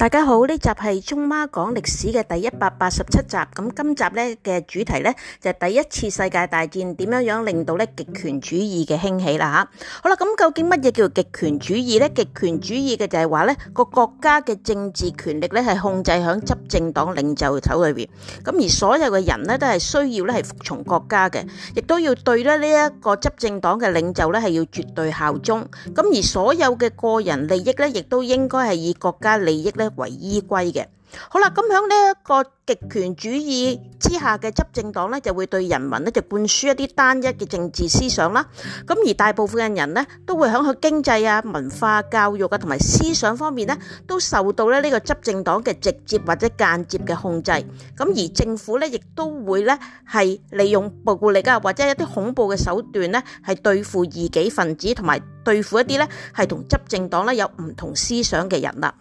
大家好，呢集係中媽講歷史嘅第一百八十七集。咁今集呢嘅主題呢，就係第一次世界大戰點樣樣令到呢極權主義嘅興起啦吓。好啦，咁究竟乜嘢叫極權主義呢？極權主義嘅就係話呢個國家嘅政治權力呢係控制響執政黨領袖手裏邊。咁而所有嘅人呢，都係需要呢係服從國家嘅，亦都要對咧呢一個執政黨嘅領袖呢係要絕對效忠。咁而所有嘅個人利益呢，亦都應該係以國家利益呢，為依歸嘅。好啦，咁喺呢一個極權主義之下嘅執政黨咧，就會對人民咧就灌輸一啲單一嘅政治思想啦。咁而大部分嘅人呢，都會喺佢經濟啊、文化教育啊同埋思想方面呢，都受到咧呢個執政黨嘅直接或者間接嘅控制。咁而政府咧亦都會咧係利用暴力啊或者一啲恐怖嘅手段咧係對付異己分子同埋對付一啲咧係同執政黨咧有唔同思想嘅人啦。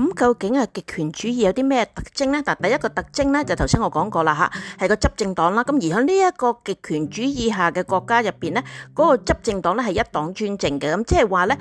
咁究竟係，極權主義有啲咩特徵呢？但第一個特徵呢，就頭先我講過啦，嚇，係個執政黨啦。咁而喺呢一個極權主義下嘅國家入面呢，嗰、嗰個執政黨咧係一黨專政嘅。咁即係話呢。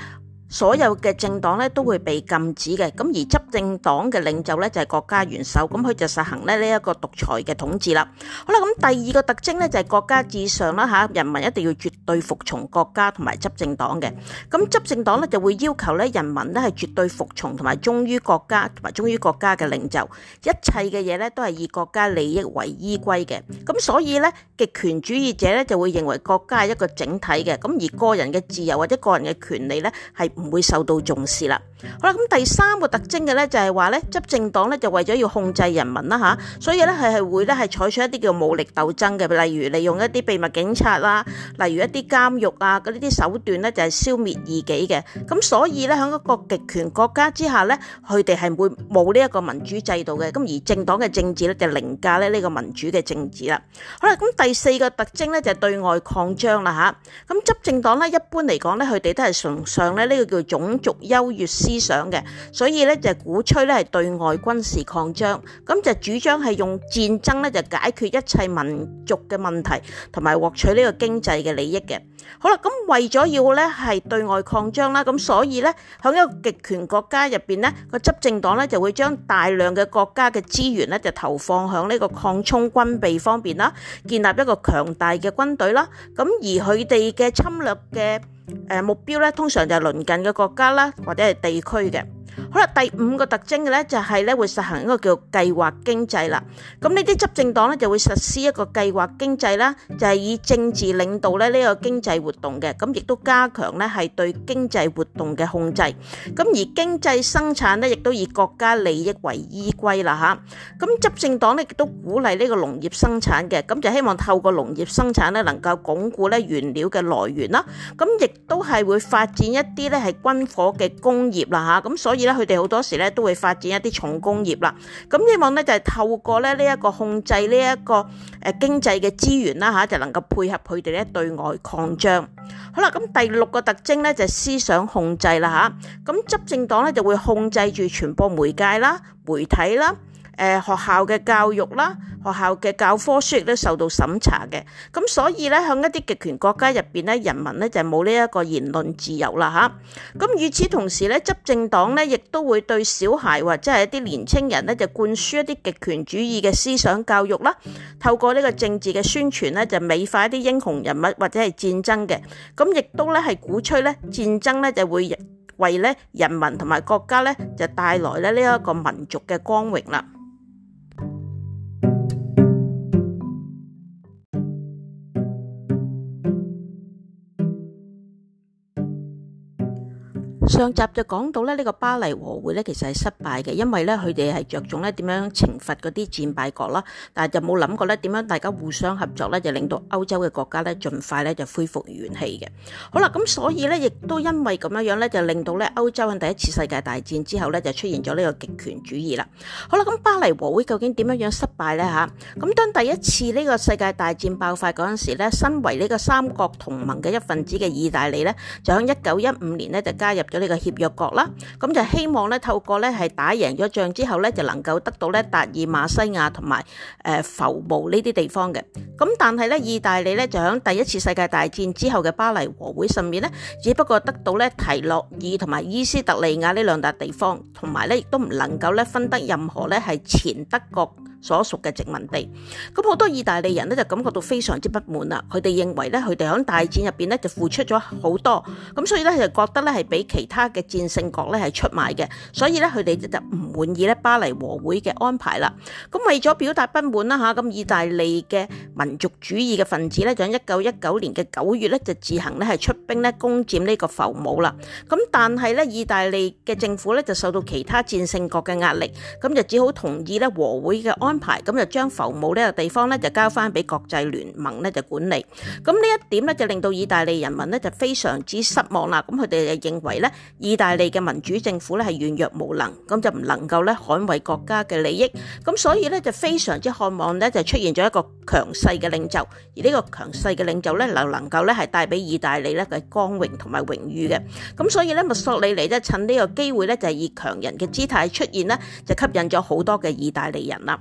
所有嘅政黨咧都會被禁止嘅，咁而執政黨嘅領袖咧就係國家元首，咁佢就實行咧呢一個獨裁嘅統治啦。好啦，咁第二個特徵咧就係國家至上啦嚇，人民一定要絕對服從國家同埋執政黨嘅。咁執政黨咧就會要求咧人民都係絕對服從同埋忠於國家同埋忠於國家嘅領袖，一切嘅嘢咧都係以國家利益為依歸嘅。咁所以咧極權主義者咧就會認為國家係一個整體嘅，咁而個人嘅自由或者個人嘅權利咧係。唔會受到重視啦。好啦，咁第三個特徵嘅咧就係話咧執政黨咧就為咗要控制人民啦吓，所以咧佢係會咧係採取一啲叫武力鬥爭嘅，例如利用一啲秘密警察啦，例如一啲監獄啊嗰呢啲手段咧就係消滅異己嘅。咁所以咧喺一個極權國家之下咧，佢哋係會冇呢一個民主制度嘅。咁而政黨嘅政治咧就凌駕咧呢個民主嘅政治啦。好啦，咁第四個特徵咧就係對外擴張啦吓，咁執政黨咧一般嚟講咧佢哋都係崇尚咧呢個叫種族優越思想嘅，所以咧就鼓吹咧係對外軍事擴張，咁就主張係用戰爭咧就解決一切民族嘅問題，同埋獲取呢個經濟嘅利益嘅。好啦，咁為咗要咧係對外擴張啦，咁所以咧喺一個極權國家入邊咧個執政黨咧就會將大量嘅國家嘅資源咧就投放喺呢個擴充軍備方面啦，建立一個強大嘅軍隊啦。咁而佢哋嘅侵略嘅。目標咧通常就係鄰近嘅國家啦，或者係地區嘅。好啦，第五個特徵嘅咧就係咧會實行一個叫計劃經濟啦。咁呢啲執政黨咧就會實施一個計劃經濟啦，就係以政治領導咧呢個經濟活動嘅，咁亦都加強咧係對經濟活動嘅控制。咁而經濟生產咧亦都以國家利益為依歸啦嚇。咁執政黨咧亦都鼓勵呢個農業生產嘅，咁就希望透過農業生產咧能夠鞏固咧原料嘅來源啦。咁亦都係會發展一啲咧係軍火嘅工業啦嚇。咁所以。佢哋好多時咧都會發展一啲重工業啦，咁希望咧就係透過咧呢一個控制呢一個誒經濟嘅資源啦吓，就能夠配合佢哋咧對外擴張。好啦，咁第六個特徵咧就係思想控制啦吓，咁執政黨咧就會控制住傳播媒介啦、媒體啦。誒學校嘅教育啦，學校嘅教科書亦都受到審查嘅，咁所以咧，向一啲極權國家入面咧，人民咧就冇呢一個言論自由啦嚇，咁與此同時咧，執政黨咧亦都會對小孩或者係一啲年青人咧就灌輸一啲極權主義嘅思想教育啦，透過呢個政治嘅宣傳咧就美化一啲英雄人物或者係戰爭嘅，咁亦都咧係鼓吹咧戰爭咧就會為咧人民同埋國家咧就帶來咧呢一個民族嘅光榮啦。上集就講到咧，呢個巴黎和會咧其實係失敗嘅，因為咧佢哋係着重咧點樣懲罰嗰啲戰敗國啦，但係就冇諗過咧點樣大家互相合作咧，就令到歐洲嘅國家咧盡快咧就恢復元氣嘅。好啦，咁所以咧亦都因為咁樣樣咧，就令到咧歐洲喺第一次世界大戰之後咧就出現咗呢個極權主義啦。好啦，咁巴黎和會究竟點樣樣失敗咧？吓，咁當第一次呢個世界大戰爆發嗰陣時咧，身為呢個三國同盟嘅一份子嘅意大利咧，就喺一九一五年咧就加入咗呢嘅協約國啦，咁就希望咧透過咧係打贏咗仗之後咧，就能夠得到咧達爾馬西亞同埋誒阜姆呢啲地方嘅。咁但係咧，意大利咧就喺第一次世界大戰之後嘅巴黎和會上面咧，只不過得到咧提洛爾同埋伊斯特利亞呢兩笪地方，同埋咧亦都唔能夠咧分得任何咧係前德國所屬嘅殖民地，咁好多意大利人咧就感覺到非常之不滿啦。佢哋認為咧，佢哋響大戰入邊咧就付出咗好多，咁所以咧就覺得咧係俾其他嘅戰勝國咧係出賣嘅，所以咧佢哋就唔滿意咧巴黎和會嘅安排啦。咁為咗表達不滿啦，吓，咁意大利嘅民族主義嘅分子咧，就喺一九一九年嘅九月咧就自行咧係出兵咧攻佔呢個浮冇啦。咁但係咧，意大利嘅政府咧就受到其他戰勝國嘅壓力，咁就只好同意咧和會嘅安排。安排，咁就將浮冇呢個地方咧，就交翻俾國際聯盟咧就管理。咁呢一點咧就令到意大利人民咧就非常之失望啦。咁佢哋就認為咧，意大利嘅民主政府咧係軟弱無能，咁就唔能夠咧捍衞國家嘅利益。咁所以咧就非常之渴望咧就出現咗一個強勢嘅領袖，而呢個強勢嘅領袖咧就能夠咧係帶俾意大利咧嘅光榮同埋榮譽嘅。咁所以咧墨索里尼咧趁呢個機會咧就以強人嘅姿態出現呢，就吸引咗好多嘅意大利人啦。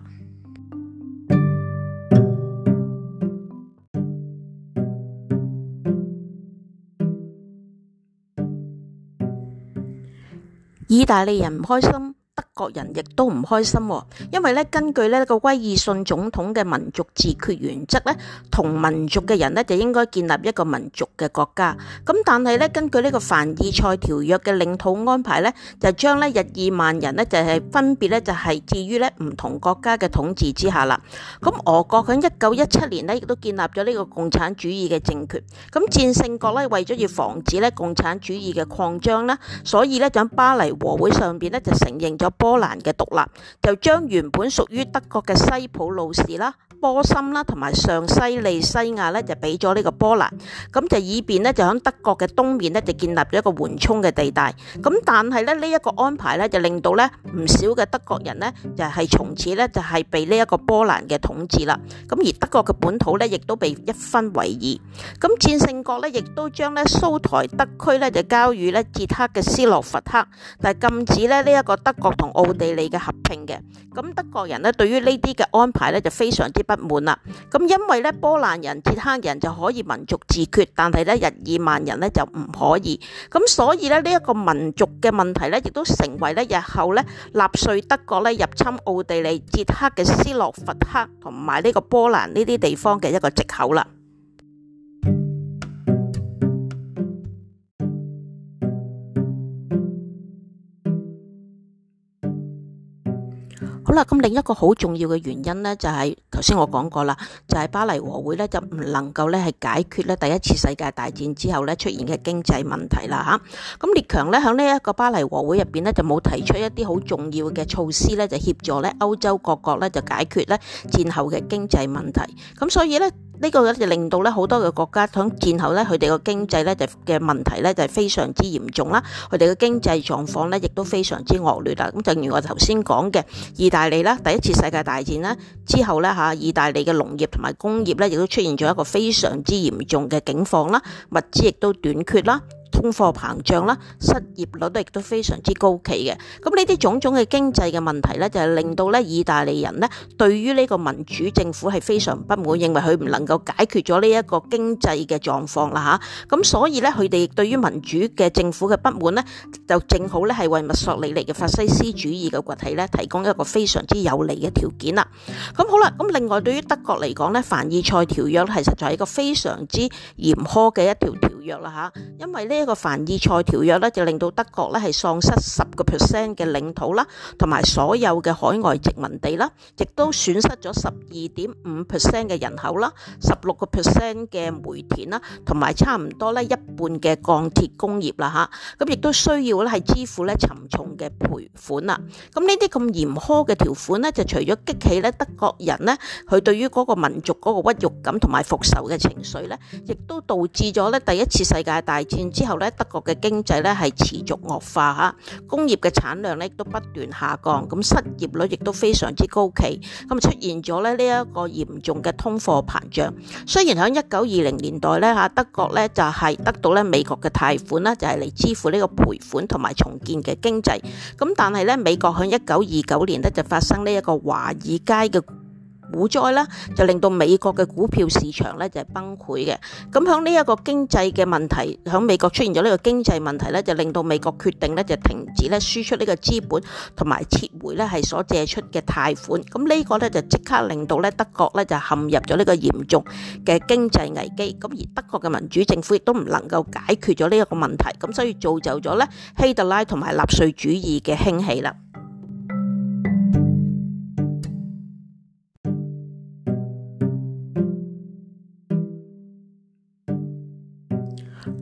意大利人唔開心，國人亦都唔開心，因為咧根據呢個威爾遜總統嘅民族自決原則咧，同民族嘅人呢，就應該建立一個民族嘅國家。咁但係咧根據呢個凡爾賽條約嘅領土安排咧，就將呢日耳曼人呢，就係分別咧就係置於呢唔同國家嘅統治之下啦。咁俄國響一九一七年呢，亦都建立咗呢個共產主義嘅政權。咁戰勝國咧為咗要防止咧共產主義嘅擴張啦，所以咧喺巴黎和會上邊咧就承認咗波蘭嘅獨立，就將原本屬於德國嘅西普魯士啦。波森啦，同埋上西利西亞咧，就俾咗呢個波蘭，咁就以便呢，就響德國嘅東面呢，就建立咗一個緩衝嘅地帶。咁但係咧呢一個安排呢，就令到呢唔少嘅德國人呢，就係從此呢，就係被呢一個波蘭嘅統治啦。咁而德國嘅本土呢，亦都被一分為二。咁戰勝國呢，亦都將呢蘇台德區呢，就交予呢捷克嘅斯洛伐克，但係禁止呢，呢一個德國同奧地利嘅合併嘅。咁德國人呢，對於呢啲嘅安排呢，就非常之。不滿啦，咁因為咧波蘭人、捷克人就可以民族自決，但係咧日耳曼人咧就唔可以，咁所以咧呢一個民族嘅問題咧，亦都成為咧日後咧納粹德國咧入侵奧地利、捷克嘅斯洛伐克同埋呢個波蘭呢啲地方嘅一個借口啦。咁另一個好重要嘅原因呢、就係，就係頭先我講過啦，就係巴黎和會咧就唔能夠咧係解決咧第一次世界大戰之後咧出現嘅經濟問題啦嚇。咁、嗯、列強咧喺呢一個巴黎和會入邊咧就冇提出一啲好重要嘅措施咧，就協助咧歐洲各國咧就解決咧戰後嘅經濟問題。咁、嗯、所以咧。呢個咧就令到咧好多嘅國家響戰後咧佢哋個經濟咧就嘅問題咧就非常之嚴重啦，佢哋嘅經濟狀況咧亦都非常之惡劣啦。咁正如我頭先講嘅，意大利啦，第一次世界大戰啦之後咧嚇，意大利嘅農業同埋工業咧亦都出現咗一個非常之嚴重嘅境況啦，物資亦都短缺啦。通貨膨脹啦，失業率亦都非常之高企嘅。咁呢啲種種嘅經濟嘅問題咧，就係令到咧意大利人呢，對於呢個民主政府係非常不滿，認為佢唔能夠解決咗呢一個經濟嘅狀況啦吓。咁所以咧，佢哋對於民主嘅政府嘅不滿咧，就正好咧係為墨索里尼嘅法西斯主義嘅崛起咧提供一個非常之有利嘅條件啦。咁好啦，咁另外對於德國嚟講咧，凡爾賽條約係實在係一個非常之嚴苛嘅一條條。因為這個條約啦嚇，因為呢一個凡爾賽條約咧就令到德國咧係喪失十個 percent 嘅領土啦，同埋所有嘅海外殖民地啦，亦都損失咗十二點五 percent 嘅人口啦，十六個 percent 嘅煤田啦，同埋差唔多咧一半嘅鋼鐵工業啦吓，咁亦都需要咧係支付咧沉重嘅賠款啦。咁呢啲咁嚴苛嘅條款呢，就除咗激起咧德國人呢，佢對於嗰個民族嗰個屈辱感同埋復仇嘅情緒呢，亦都導致咗咧第一。次世界大戰之後咧，德國嘅經濟咧係持續惡化吓，工業嘅產量咧都不斷下降，咁失業率亦都非常之高企，咁出現咗咧呢一個嚴重嘅通貨膨脹。雖然喺一九二零年代咧吓，德國咧就係得到咧美國嘅貸款啦，就係嚟支付呢個賠款同埋重建嘅經濟，咁但係咧美國喺一九二九年咧就發生呢一個華爾街嘅股災啦，就令到美國嘅股票市場咧就係崩潰嘅。咁響呢一個經濟嘅問題，響美國出現咗呢個經濟問題咧，就令到美國決定咧就停止咧輸出呢個資本，同埋撤回咧係所借出嘅貸款。咁呢個咧就即刻令到咧德國咧就陷入咗呢個嚴重嘅經濟危機。咁而德國嘅民主政府亦都唔能夠解決咗呢一個問題，咁所以造就咗咧希特拉同埋納粹主義嘅興起啦。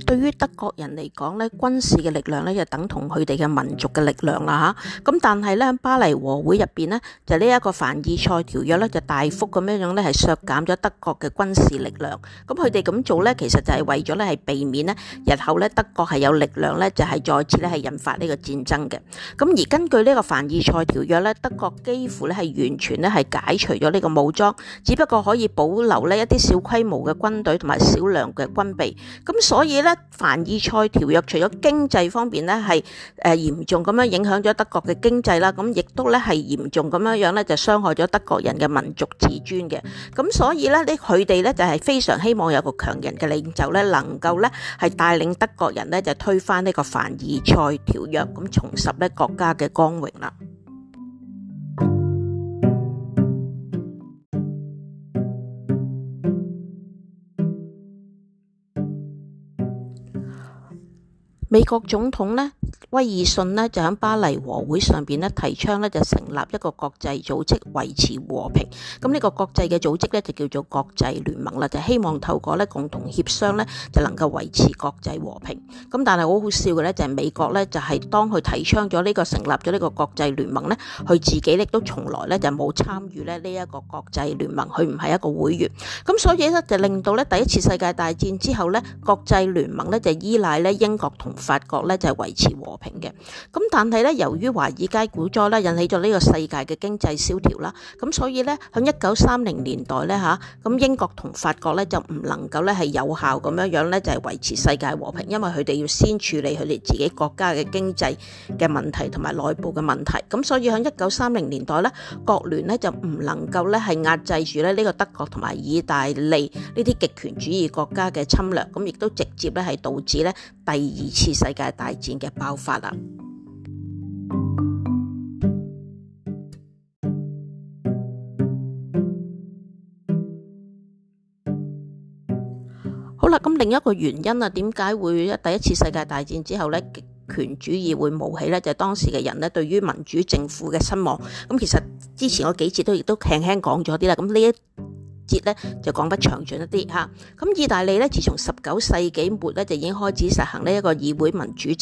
對於德國人嚟講咧，軍事嘅力量咧就等同佢哋嘅民族嘅力量啦吓，咁但係咧，喺巴黎和會入邊呢，就呢一個凡爾賽條約咧，就大幅咁樣樣咧係削減咗德國嘅軍事力量。咁佢哋咁做咧，其實就係為咗咧係避免咧日後咧德國係有力量咧就係再次咧係引發呢個戰爭嘅。咁而根據呢個凡爾賽條約咧，德國幾乎咧係完全咧係解除咗呢個武裝，只不過可以保留呢一啲小規模嘅軍隊同埋少量嘅軍備。咁所以咧。凡爾賽條約除咗經濟方面咧係誒嚴重咁樣影響咗德國嘅經濟啦，咁亦都咧係嚴重咁樣樣咧就傷害咗德國人嘅民族自尊嘅，咁所以咧呢佢哋咧就係非常希望有個強人嘅領袖咧，能夠咧係帶領德國人咧就推翻呢個凡爾賽條約，咁重拾咧國家嘅光榮啦。美國總統呢威爾遜呢，就喺巴黎和會上邊呢，提倡呢，就成立一個國際組織維持和平，咁、這、呢個國際嘅組織呢，就叫做國際聯盟啦，就希望透過呢共同協商呢，就能夠維持國際和平。咁但係好好笑嘅呢，就係美國呢，就係當佢提倡咗呢個成立咗呢個國際聯盟呢，佢自己亦都從來呢，就冇參與呢一個國際聯盟，佢唔係一個會員。咁所以呢，就令到呢第一次世界大戰之後呢，國際聯盟呢，就依賴呢英國同法國呢，就維持和平。和平嘅，咁但係咧，由於華爾街股災咧，引起咗呢個世界嘅經濟蕭條啦，咁所以咧，響一九三零年代咧吓，咁英國同法國咧就唔能夠咧係有效咁樣樣咧，就係維持世界和平，因為佢哋要先處理佢哋自己國家嘅經濟嘅問題同埋內部嘅問題，咁所以響一九三零年代咧，國聯咧就唔能夠咧係壓制住咧呢個德國同埋意大利呢啲極權主義國家嘅侵略，咁亦都直接咧係導致咧。第二次世界大戰嘅爆發啦，好啦，咁另一個原因啊，點解會一第一次世界大戰之後呢極權主義會冒起呢？就係當時嘅人呢對於民主政府嘅失望，咁其實之前我幾次都亦都輕輕講咗啲啦，咁呢一節咧就講得詳盡一啲吓，咁意大利咧自從十九世紀末咧就已經開始實行呢一個議會民主制，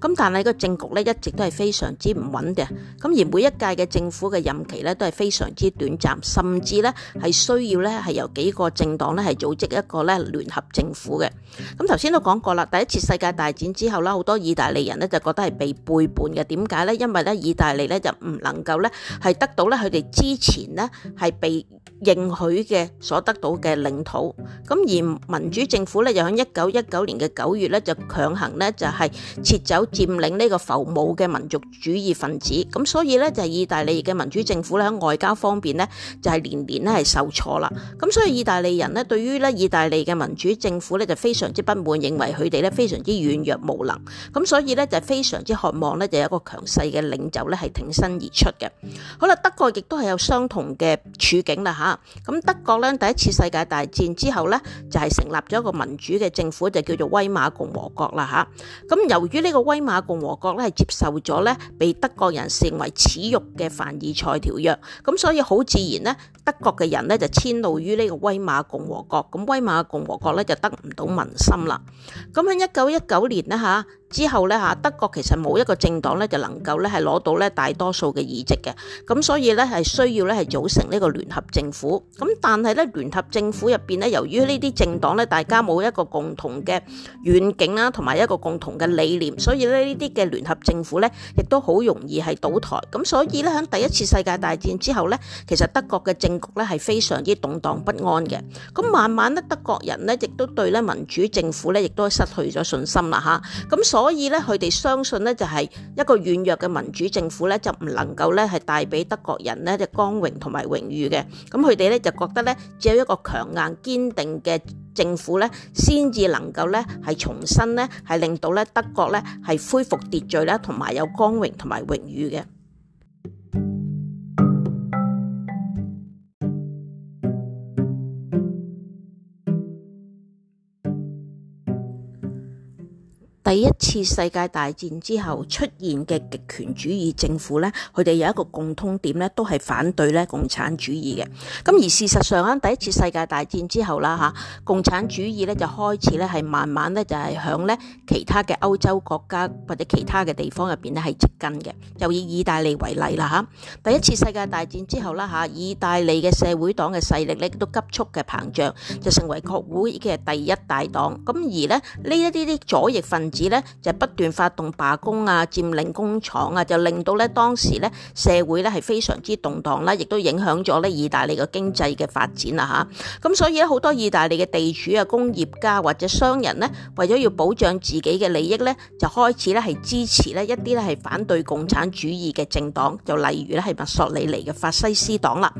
咁但係個政局咧一直都係非常之唔穩嘅，咁而每一屆嘅政府嘅任期咧都係非常之短暫，甚至咧係需要咧係由幾個政黨咧係組織一個咧聯合政府嘅。咁頭先都講過啦，第一次世界大戰之後啦，好多意大利人咧就覺得係被背叛嘅，點解咧？因為咧意大利咧就唔能夠咧係得到咧佢哋之前呢係被認許嘅所得到嘅領土，咁而民主政府咧，就喺一九一九年嘅九月咧，就強行咧就係撤走佔領呢個阜姆嘅民族主義分子，咁所以咧就係意大利嘅民主政府咧喺外交方面咧就係年年咧係受挫啦，咁所以意大利人呢，對於咧意大利嘅民主政府咧就非常之不滿，認為佢哋咧非常之軟弱無能，咁所以咧就非常之渴望咧就有一個強勢嘅領袖咧係挺身而出嘅。好啦，德國亦都係有相同嘅處境啦吓。咁德國咧第一次世界大戰之後咧就係、是、成立咗一個民主嘅政府就叫做威瑪共和國啦吓咁由於呢個威瑪共和國咧係接受咗咧被德國人視為恥辱嘅凡爾賽條約咁所以好自然咧德國嘅人咧就遷怒於呢個威瑪共和國咁威瑪共和國咧就得唔到民心啦咁喺一九一九年咧吓。之後呢，德國其實冇一個政黨呢，就能夠咧係攞到咧大多數嘅議席嘅，咁所以咧係需要咧係組成呢個聯合政府。咁但係咧聯合政府入面呢，由於呢啲政黨呢，大家冇一個共同嘅願景啦，同埋一個共同嘅理念，所以呢呢啲嘅聯合政府呢，亦都好容易係倒台。咁所以呢，喺第一次世界大戰之後呢，其實德國嘅政局呢，係非常之動蕩不安嘅。咁慢慢呢，德國，慢慢德國人呢，亦都對咧民主政府呢，亦都失去咗信心啦嚇。咁所所以咧，佢哋相信咧，就係一個軟弱嘅民主政府咧，就唔能夠咧係帶俾德國人咧就光榮同埋榮譽嘅。咁佢哋咧就覺得咧，只有一個強硬堅定嘅政府咧，先至能夠咧係重新咧係令到咧德國咧係恢復秩序啦，同埋有光榮同埋榮譽嘅。第一次世界大戰之後出現嘅極權主義政府呢，佢哋有一個共通點呢，都係反對咧共產主義嘅。咁而事實上咧，第一次世界大戰之後啦，吓共產主義咧就開始咧係慢慢咧就係喺咧其他嘅歐洲國家或者其他嘅地方入邊咧係植根嘅。就以意大利為例啦吓第一次世界大戰之後啦吓意大利嘅社會黨嘅勢力咧都急速嘅膨脹，就成為國會已經係第一大黨。咁而呢呢一啲啲左翼分子子咧就不斷發動罷工啊、佔領工廠啊，就令到咧當時咧社會咧係非常之動盪啦，亦都影響咗咧意大利嘅經濟嘅發展啦吓。咁所以咧好多意大利嘅地主啊、工業家或者商人呢，為咗要保障自己嘅利益咧，就開始咧係支持呢一啲咧係反對共產主義嘅政黨，就例如咧係墨索里尼嘅法西斯黨啦。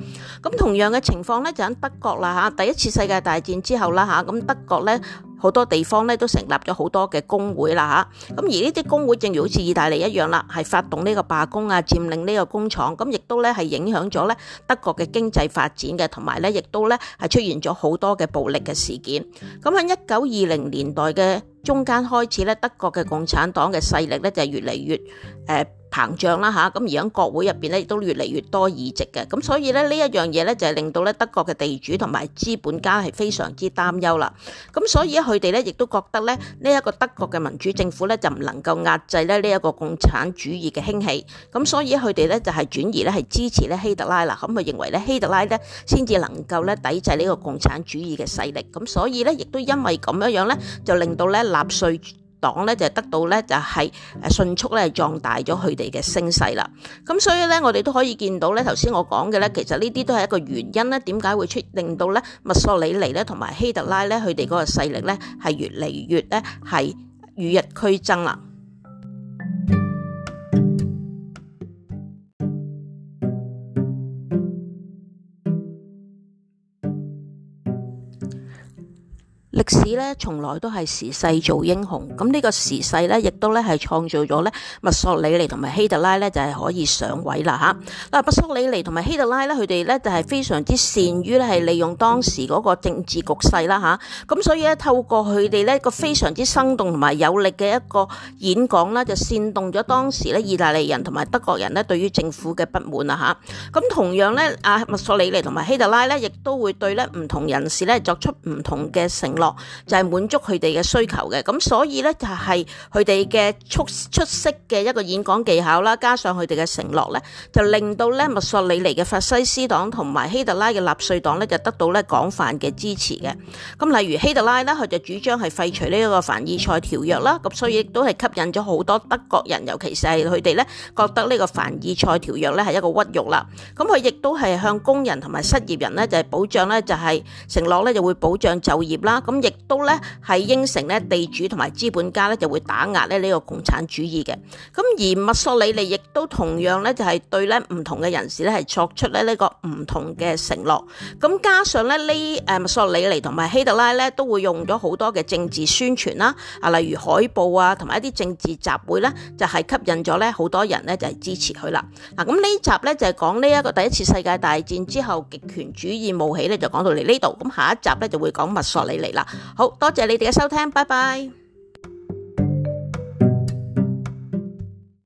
咁同樣嘅情況咧就喺德國啦吓，第一次世界大戰之後啦吓，咁德國咧。好多地方咧都成立咗好多嘅工會啦嚇，咁而呢啲工會正如好似意大利一樣啦，係發動呢個罷工啊，佔領呢個工廠，咁亦都咧係影響咗咧德國嘅經濟發展嘅，同埋咧亦都咧係出現咗好多嘅暴力嘅事件。咁喺一九二零年代嘅中間開始咧，德國嘅共產黨嘅勢力咧就越嚟越、呃膨脹啦，咁而家國會入面咧，亦都越嚟越多議席嘅，咁所以咧呢一樣嘢咧就係令到咧德國嘅地主同埋資本家係非常之擔憂啦，咁所以佢哋咧亦都覺得咧呢一個德國嘅民主政府咧就唔能夠壓制咧呢一個共產主義嘅興起，咁所以佢哋咧就係轉移咧係支持咧希特拉啦，咁佢認為咧希特拉咧先至能夠咧抵制呢個共產主義嘅勢力，咁所以咧亦都因為咁樣樣咧就令到咧納粹黨咧就得到咧就係誒迅速咧係壯大咗佢哋嘅聲勢啦，咁所以咧我哋都可以見到咧，頭先我講嘅咧，其實呢啲都係一個原因咧，點解會出令到咧墨索里尼咧同埋希特拉咧佢哋嗰個勢力咧係越嚟越咧係與日俱增啦。從來都係時勢做英雄。咁呢個時勢咧，亦都咧係創造咗咧墨索里尼同埋希特拉咧，就係可以上位啦嚇。嗱，墨索里尼同埋希特拉咧，佢哋咧就係非常之善於咧係利用當時嗰個政治局勢啦嚇。咁所以咧，透過佢哋呢個非常之生動同埋有力嘅一個演講啦就煽動咗當時咧意大利人同埋德國人呢對於政府嘅不滿啦嚇。咁同樣咧，阿墨索里尼同埋希特拉咧，亦都會對咧唔同人士咧作出唔同嘅承諾。就係滿足佢哋嘅需求嘅，咁所以咧就係佢哋嘅出出色嘅一個演講技巧啦，加上佢哋嘅承諾咧，就令到咧墨索里尼嘅法西斯黨同埋希特拉嘅納粹黨咧就得到咧廣泛嘅支持嘅。咁例如希特拉咧，佢就主張係廢除呢一個凡爾賽條約啦，咁所以亦都係吸引咗好多德國人，尤其是係佢哋咧覺得呢個凡爾賽條約咧係一個屈辱啦。咁佢亦都係向工人同埋失業人咧就係保障咧就係承諾咧就會保障就業啦。咁亦都。咧係應承咧地主同埋資本家咧就會打壓咧呢個共產主義嘅。咁而墨索里尼亦都同樣咧就係對咧唔同嘅人士咧係作出咧呢個唔同嘅承諾。咁加上咧呢，誒墨索里尼同埋希特拉咧都會用咗好多嘅政治宣傳啦啊，例如海報啊同埋一啲政治集會咧就係吸引咗咧好多人咧就係支持佢啦。嗱咁呢集咧就係講呢一個第一次世界大戰之後極權主義冒起，咧就講到嚟呢度。咁下一集咧就會講墨索里尼啦。好，多謝你哋嘅收聽，拜拜。